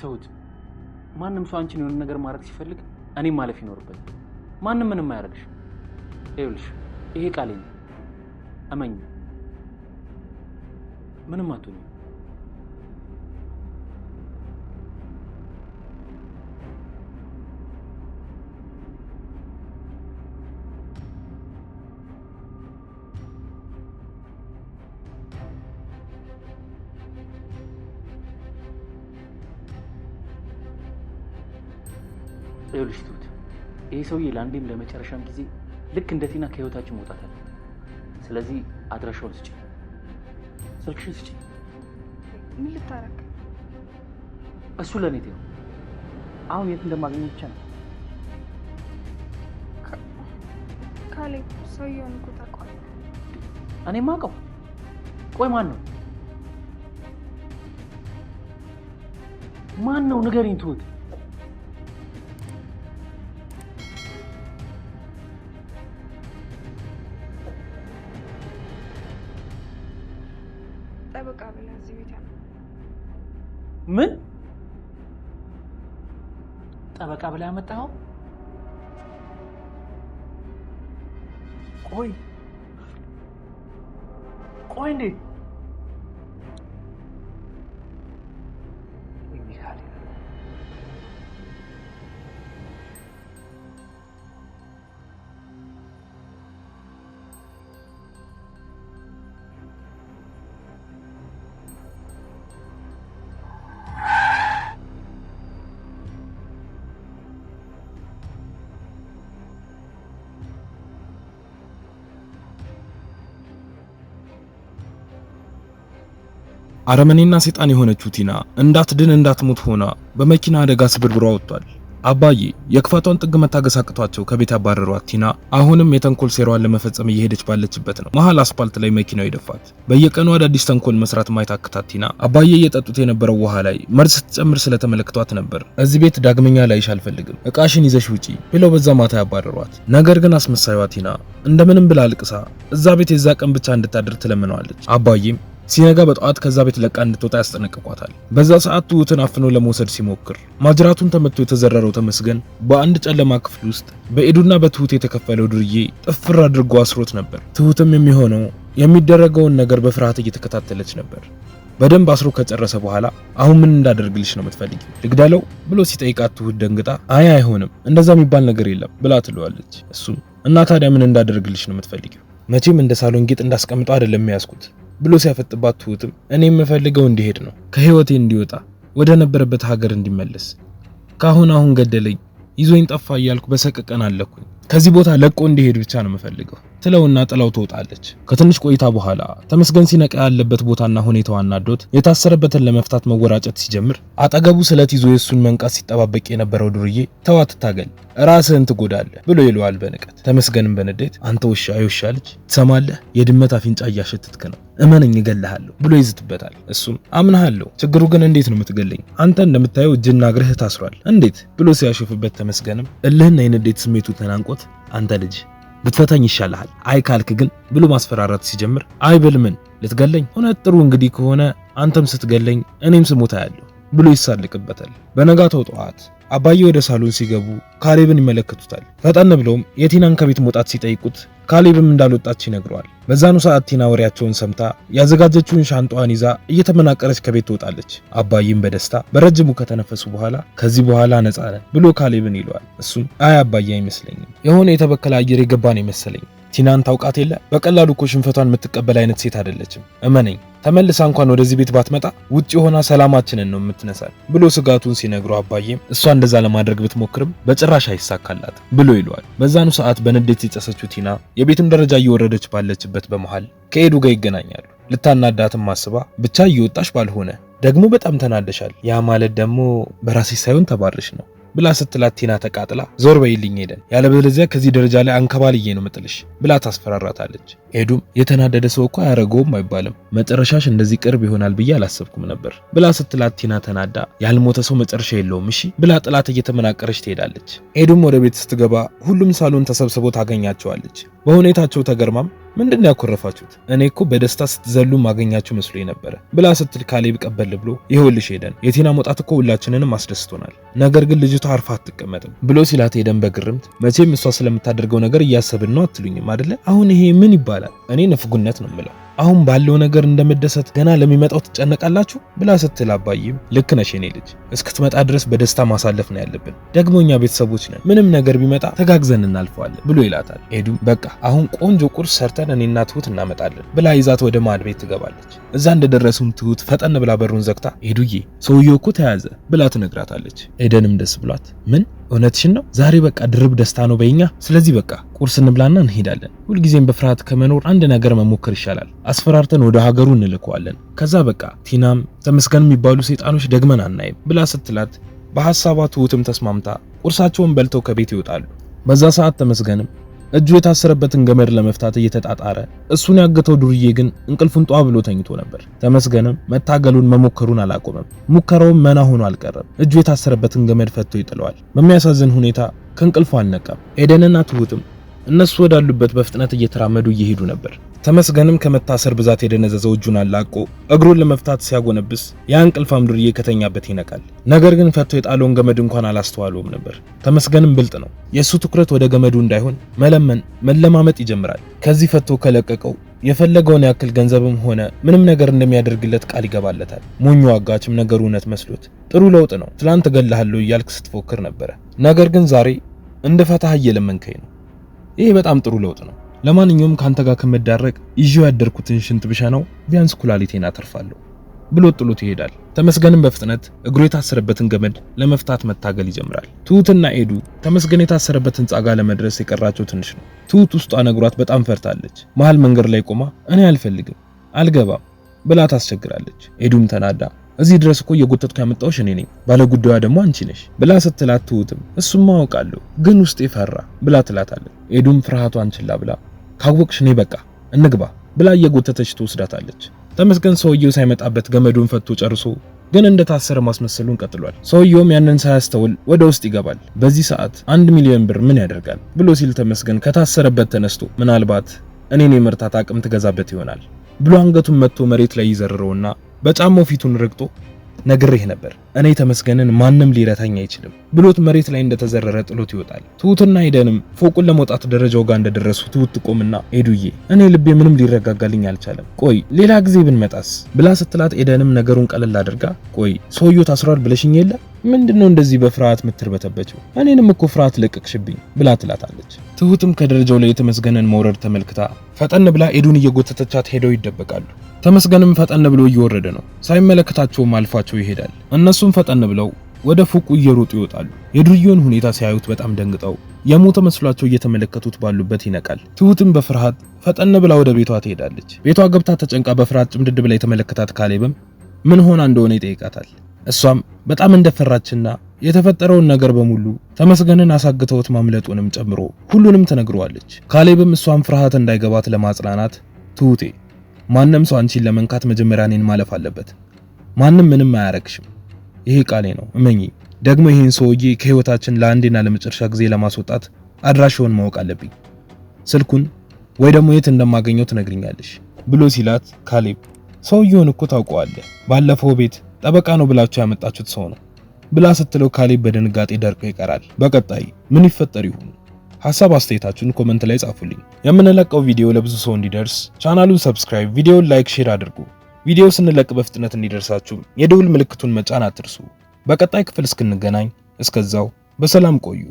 ተውት። ማንም ሰው አንቺን የሆነ ነገር ማድረግ ሲፈልግ እኔም ማለፍ ይኖርበት ማንም ምንም አያደርግሽ። ይኸውልሽ ይሄ ቃሌ ነው፣ አመኝ፣ ምንም አትሆኝም። ይኸውልሽ ትሁት፣ ይሄ ሰውዬ ለአንዴም ለመጨረሻም ጊዜ ልክ እንደ ቲና ከህይወታችን መውጣት አለ። ስለዚህ አድራሻውን ስጭ፣ ስልክሽን ስጭ። ምን ልታረግ? እሱ ለእኔ ነው። አሁን የት እንደማገኘው ብቻ ነው። ካሌ ሰውየውን እኮ ታውቀዋለህ። እኔ ማውቀው። ቆይ ማን ነው? ማን ነው? ንገሪኝ ትሁት ጠበቃ ብለህ እዚህ ቤት ምን ጠበቃ ብለህ ያመጣኸው? ቆይ ቆይ እንዴት አረመኔና ሰይጣን የሆነችው ቲና እንዳትድን እንዳትሞት ሆና በመኪና አደጋ ስብርብሯ ወጥቷል። አባዬ የክፋቷን ጥግ መታገስ አቅቷቸው ከቤት ያባረሯት ቲና አሁንም የተንኮል ሴራዋን ለመፈጸም እየሄደች ባለችበት ነው መሀል አስፓልት ላይ መኪናው ይደፋት። በየቀኑ አዳዲስ ተንኮል መስራት ማይታክታት ቲና አባዬ እየጠጡት የነበረው ውሃ ላይ መርዝ ስትጨምር ስለተመለከቷት ነበር እዚህ ቤት ዳግመኛ ላይሽ አልፈልግም፣ እቃሽን ይዘሽ ውጪ ብለው በዛ ማታ ያባረሯት። ነገር ግን አስመሳይዋ ቲና እንደምንም ብላ አልቅሳ እዛ ቤት የዛ ቀን ብቻ እንድታድር ትለምነዋለች። አባዬም ሲነጋ በጠዋት ከዛ ቤት ለቃ እንድትወጣ ያስጠነቅቋታል። በዛ ሰዓት ትሁትን አፍኖ ለመውሰድ ሲሞክር ማጅራቱን ተመቶ የተዘረረው ተመስገን በአንድ ጨለማ ክፍል ውስጥ በኤዱና በትሁት የተከፈለው ዱርዬ ጥፍር አድርጎ አስሮት ነበር። ትሁትም የሚሆነው የሚደረገውን ነገር በፍርሃት እየተከታተለች ነበር። በደንብ አስሮ ከጨረሰ በኋላ አሁን ምን እንዳደርግልሽ ነው የምትፈልጊ? ልግደለው ብሎ ሲጠይቃት ትሁት ደንግጣ አይ አይሆንም፣ እንደዛ የሚባል ነገር የለም ብላ ትለዋለች። እሱም እና ታዲያ ምን እንዳደርግልሽ ነው የምትፈልጊው? መቼም እንደ ሳሎን ጌጥ እንዳስቀምጠው አይደለም የሚያስኩት ብሎ ሲያፈጥባት ትሁትም እኔ የምፈልገው እንዲሄድ ነው፣ ከህይወቴ እንዲወጣ፣ ወደ ነበረበት ሀገር እንዲመለስ። ካሁን አሁን ገደለኝ፣ ይዞኝ ጠፋ እያልኩ በሰቀቀን አለኩኝ። ከዚህ ቦታ ለቆ እንዲሄድ ብቻ ነው የምፈልገው ትለውና ጥላው ትወጣለች። ከትንሽ ቆይታ በኋላ ተመስገን ሲነቃ ያለበት ቦታና ሁኔታው አናዶት የታሰረበትን ለመፍታት መወራጨት ሲጀምር አጠገቡ ስለት ይዞ የእሱን መንቃት ሲጠባበቅ የነበረው ዱርዬ ተው አትታገል፣ ራስህን ትጎዳለህ ብሎ ይለዋል በንቀት። ተመስገንም በንዴት አንተ ውሻ የውሻ ልጅ ትሰማለህ፣ የድመት አፍንጫ እያሸትትክ ነው፣ እመነኝ እገልሃለሁ ብሎ ይዝትበታል። እሱም አምናሃለሁ፣ ችግሩ ግን እንዴት ነው የምትገለኝ? አንተ እንደምታየው እጅና እግርህ ታስሯል እንዴት ብሎ ሲያሸፍበት ተመስገንም እልህና የንዴት ስሜቱ ተናንቆ ሆኖት አንተ ልጅ ብትፈታኝ ይሻልሃል፣ አይ ካልክ ግን ብሎ ማስፈራራት ሲጀምር አይ ብል ምን ልትገለኝ? እውነት ጥሩ እንግዲህ ከሆነ አንተም ስትገለኝ እኔም ስሞታ ያለሁ ብሎ ይሳልቅበታል። በነጋታው ጠዋት አባዬ ወደ ሳሎን ሲገቡ ካሌብን ይመለከቱታል። ፈጠን ብለውም የቲናን ከቤት መውጣት ሲጠይቁት ካሌብም እንዳልወጣች ይነግረዋል። በዛኑ ሰዓት ቲና ወሬያቸውን ሰምታ ያዘጋጀችውን ሻንጣዋን ይዛ እየተመናቀረች ከቤት ትወጣለች። አባይም በደስታ በረጅሙ ከተነፈሱ በኋላ ከዚህ በኋላ ነጻ ነን ብሎ ካሌብን ይለዋል። እሱም አይ አባዬ አይመስለኝም የሆነ የተበከለ አየር የገባ ነው ይመስለኝ ቲናን ታውቃት የለ በቀላሉ እኮ ሽንፈቷን የምትቀበል አይነት ሴት አይደለችም። እመነኝ ተመልሳ እንኳን ወደዚህ ቤት ባትመጣ ውጭ የሆና ሰላማችንን ነው የምትነሳል ብሎ ስጋቱን ሲነግሩ አባዬም እሷ እንደዛ ለማድረግ ብትሞክርም በጭራሽ አይሳካላት ብሎ ይለዋል። በዛኑ ሰዓት በንዴት የጨሰችው ቲና የቤቱን ደረጃ እየወረደች ባለችበት በመሃል ከኤዱ ጋር ይገናኛሉ። ልታናዳትም ማስባ ብቻ እየወጣሽ ባልሆነ ደግሞ በጣም ተናደሻል። ያ ማለት ደግሞ በራሴ ሳይሆን ተባርሽ ነው ብላ ስትላት ቲና ተቃጥላ ዞር በይልኝ ሄደን ያለበለዚያ ከዚህ ደረጃ ላይ አንከባልዬ ነው ምጥልሽ ብላ ታስፈራራታለች። ኤዱም የተናደደ ሰው እኮ አያረገውም አይባልም፣ መጨረሻሽ እንደዚህ ቅርብ ይሆናል ብዬ አላሰብኩም ነበር ብላ ስትላት ቲና ተናዳ ያልሞተ ሰው መጨረሻ የለውም እሺ ብላ ጥላት እየተመናቀረች ትሄዳለች። ኤዱም ወደ ቤት ስትገባ ሁሉም ሳሎን ተሰብስቦ ታገኛቸዋለች። በሁኔታቸው ተገርማም ምንድን ነው ያኮረፋችሁት? እኔ እኮ በደስታ ስትዘሉ ማገኛችሁ መስሎኝ ነበረ ብላ ስትል ካሌብ ቀበል ብሎ ይኸውልሽ ሄደን የቴና መውጣት እኮ ሁላችንንም አስደስቶናል፣ ነገር ግን ልጅቷ አርፋ አትቀመጥም ብሎ ሲላት ሄደን በግርምት መቼም እሷ ስለምታደርገው ነገር እያሰብን ነው አትሉኝም አደለ? አሁን ይሄ ምን ይባላል? እኔ ንፍጉነት ነው ምለው አሁን ባለው ነገር እንደመደሰት ገና ለሚመጣው ትጨነቃላችሁ ብላ ስትል አባዬም ልክ ነሽ የኔ ልጅ እስክትመጣ ድረስ በደስታ ማሳለፍ ነው ያለብን፣ ደግሞ እኛ ቤተሰቦች ነን፣ ምንም ነገር ቢመጣ ተጋግዘን እናልፈዋለን ብሎ ይላታል። ኤዱም በቃ አሁን ቆንጆ ቁርስ ሰርተን እኔና ትሁት እናመጣለን ብላ ይዛት ወደ ማዕድ ቤት ትገባለች። እዛ እንደደረሱም ትሁት ፈጠን ብላ በሩን ዘግታ ኤዱዬ ሰውየው እኮ ተያዘ ብላ ትነግራታለች። ኤደንም ደስ ብሏት ምን እውነትሽን ነው ዛሬ በቃ ድርብ ደስታ ነው በይኛ፣ ስለዚህ በቃ ቁርስ እንብላና እንሄዳለን። ሁልጊዜም በፍርሃት ከመኖር አንድ ነገር መሞከር ይሻላል። አስፈራርተን ወደ ሀገሩ እንልከዋለን። ከዛ በቃ ቲናም ተመስገን የሚባሉ ሰይጣኖች ደግመን አናይም ብላ ስትላት በሐሳቧ ትሁትም ተስማምታ ቁርሳቸውን በልተው ከቤት ይወጣሉ። በዛ ሰዓት ተመስገንም እጁ የታሰረበትን ገመድ ለመፍታት እየተጣጣረ እሱን ያገተው ዱርዬ ግን እንቅልፉን ጧ ብሎ ተኝቶ ነበር። ተመስገንም መታገሉን መሞከሩን አላቆመም። ሙከራውም መና ሆኖ አልቀረም። እጁ የታሰረበትን ገመድ ፈቶ ይጥለዋል። በሚያሳዝን ሁኔታ ከእንቅልፉ አልነቃም። ኤደንና ትሁትም እነሱ ወዳሉበት በፍጥነት እየተራመዱ እየሄዱ ነበር። ተመስገንም ከመታሰር ብዛት የደነዘዘው እጁን አላቆ እግሩን ለመፍታት ሲያጎነብስ የእንቅልፍ አምድርዬ ከተኛበት ይነቃል። ነገር ግን ፈቶ የጣለውን ገመድ እንኳን አላስተዋለውም ነበር። ተመስገንም ብልጥ ነው። የእሱ ትኩረት ወደ ገመዱ እንዳይሆን መለመን፣ መለማመጥ ይጀምራል። ከዚህ ፈቶ ከለቀቀው የፈለገውን ያክል ገንዘብም ሆነ ምንም ነገር እንደሚያደርግለት ቃል ይገባለታል። ሞኙ አጋችም ነገሩ እውነት መስሎት ጥሩ ለውጥ ነው፣ ትላንት እገልሃለሁ እያልክ ስትፎክር ነበረ፣ ነገር ግን ዛሬ እንድፈታህ እየለመንከኝ ነው ይሄ በጣም ጥሩ ለውጥ ነው። ለማንኛውም ካንተ ጋር ከመዳረቅ ይዤው ያደርኩትን ሽንት ብሻ ነው ቢያንስ ኩላሊቴን አተርፋለሁ ብሎ ጥሎት ይሄዳል። ተመስገንም በፍጥነት እግሩ የታሰረበትን ገመድ ለመፍታት መታገል ይጀምራል። ትሁትና ኤዱ ተመስገን የታሰረበት ህንፃ ጋር ለመድረስ የቀራቸው ትንሽ ነው። ትሁት ውስጧ ነግሯት በጣም ፈርታለች። መሃል መንገድ ላይ ቆማ እኔ አልፈልግም፣ አልገባም ብላ ታስቸግራለች። ኤዱም ተናዳ እዚህ ድረስ እኮ እየጎተትኩ ያመጣሁሽ እኔ ነኝ፣ ባለጉዳዩ ደግሞ አንቺ ነሽ ብላ ስትላት፣ አትውጥም። እሱም አውቃለሁ ግን ውስጤ ፈራ ብላ ትላታለች። ኤዱም ፍርሃቷን ችላ ብላ ካወቅሽ እኔ በቃ እንግባ ብላ እየጎተተች ትወስዳታለች። ተመስገን ሰውየው ሳይመጣበት ገመዱን ፈቶ ጨርሶ ግን እንደታሰረ ማስመሰሉን ቀጥሏል። ሰውየውም ያንን ሳያስተውል ወደ ውስጥ ይገባል። በዚህ ሰዓት አንድ ሚሊዮን ብር ምን ያደርጋል ብሎ ሲል ተመስገን ከታሰረበት ተነስቶ ምናልባት እኔን የመርታት አቅም ትገዛበት ይሆናል ብሎ አንገቱን መጥቶ መሬት ላይ ይዘርረውና በጫማው ፊቱን ረግጦ ነግሬህ ነበር እኔ ተመስገንን ማንም ሊረታኝ አይችልም ብሎት መሬት ላይ እንደተዘረረ ጥሎት ይወጣል። ትሁትና ሄደንም ፎቁን ለመውጣት ደረጃው ጋር እንደደረሱ ትሁት ትቆምና ሄዱዬ፣ እኔ ልቤ ምንም ሊረጋጋልኝ አልቻለም፣ ቆይ ሌላ ጊዜ ብንመጣስ ብላ ስትላት፣ ኤደንም ነገሩን ቀለል አድርጋ ቆይ ሰውየው ታስሯል ብለሽኝ የለ ምንድነው እንደዚህ በፍርሃት ምትርበተበችው? እኔንም እኮ ፍርሃት ለቀቅሽብኝ ብላ ትላታለች። ትሁትም ከደረጃው ላይ የተመስገንን መውረድ ተመልክታ ፈጠን ብላ ኤዱን እየጎተተቻት ሄደው ይደበቃሉ። ተመስገንም ፈጠን ብሎ እየወረደ ነው። ሳይመለከታቸውም አልፏቸው ይሄዳል። እነሱ እነሱም ፈጠን ብለው ወደ ፎቁ እየሮጡ ይወጣሉ። የዱርዬውን ሁኔታ ሲያዩት በጣም ደንግጠው የሞተ መስሏቸው እየተመለከቱት ባሉበት ይነቃል። ትሁትም በፍርሃት ፈጠን ብላ ወደ ቤቷ ትሄዳለች። ቤቷ ገብታ ተጨንቃ በፍርሃት ጭምድድ ብላ የተመለከታት ካሌብም ምን ሆና እንደሆነ ይጠይቃታል። እሷም በጣም እንደፈራችና የተፈጠረውን ነገር በሙሉ ተመስገንን አሳግተውት ማምለጡንም ጨምሮ ሁሉንም ትነግረዋለች። ካሌብም እሷን ፍርሃት እንዳይገባት ለማጽናናት ትሁቴ፣ ማንም ሰው አንቺን ለመንካት መጀመሪያ እኔን ማለፍ አለበት። ማንም ምንም አያረግሽም ይሄ ቃሌ ነው፣ እመኚ። ደግሞ ይህን ሰውዬ ከህይወታችን ለአንዴና ለመጨረሻ ጊዜ ለማስወጣት አድራሻውን ማወቅ አለብኝ። ስልኩን ወይ ደግሞ የት እንደማገኘው ትነግሪኛለሽ ብሎ ሲላት ካሌብ ሰውየውን እኮ ታውቀዋለህ፣ ባለፈው ቤት ጠበቃ ነው ብላችሁ ያመጣችሁት ሰው ነው ብላ ስትለው ካሌብ በድንጋጤ ደርቆ ይቀራል። በቀጣይ ምን ይፈጠር ይሁን ሐሳብ አስተያየታችሁን ኮመንት ላይ ጻፉልኝ። የምንለቀው ቪዲዮ ለብዙ ሰው እንዲደርስ ቻናሉን ሰብስክራይብ፣ ቪዲዮውን ላይክ፣ ሼር አድርጉ። ቪዲዮ ስንለቅ በፍጥነት እንዲደርሳችሁ የደውል ምልክቱን መጫን አትርሱ። በቀጣይ ክፍል እስክንገናኝ እስከዛው በሰላም ቆዩ።